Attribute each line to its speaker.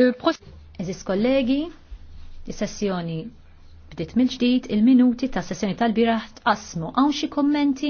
Speaker 1: Euh, Eżis kollegi, is-sessjoni bdiet mill-ġdid, il-minuti ta' sessjoni tal-biraħ tqasmu. Hawn xi kommenti?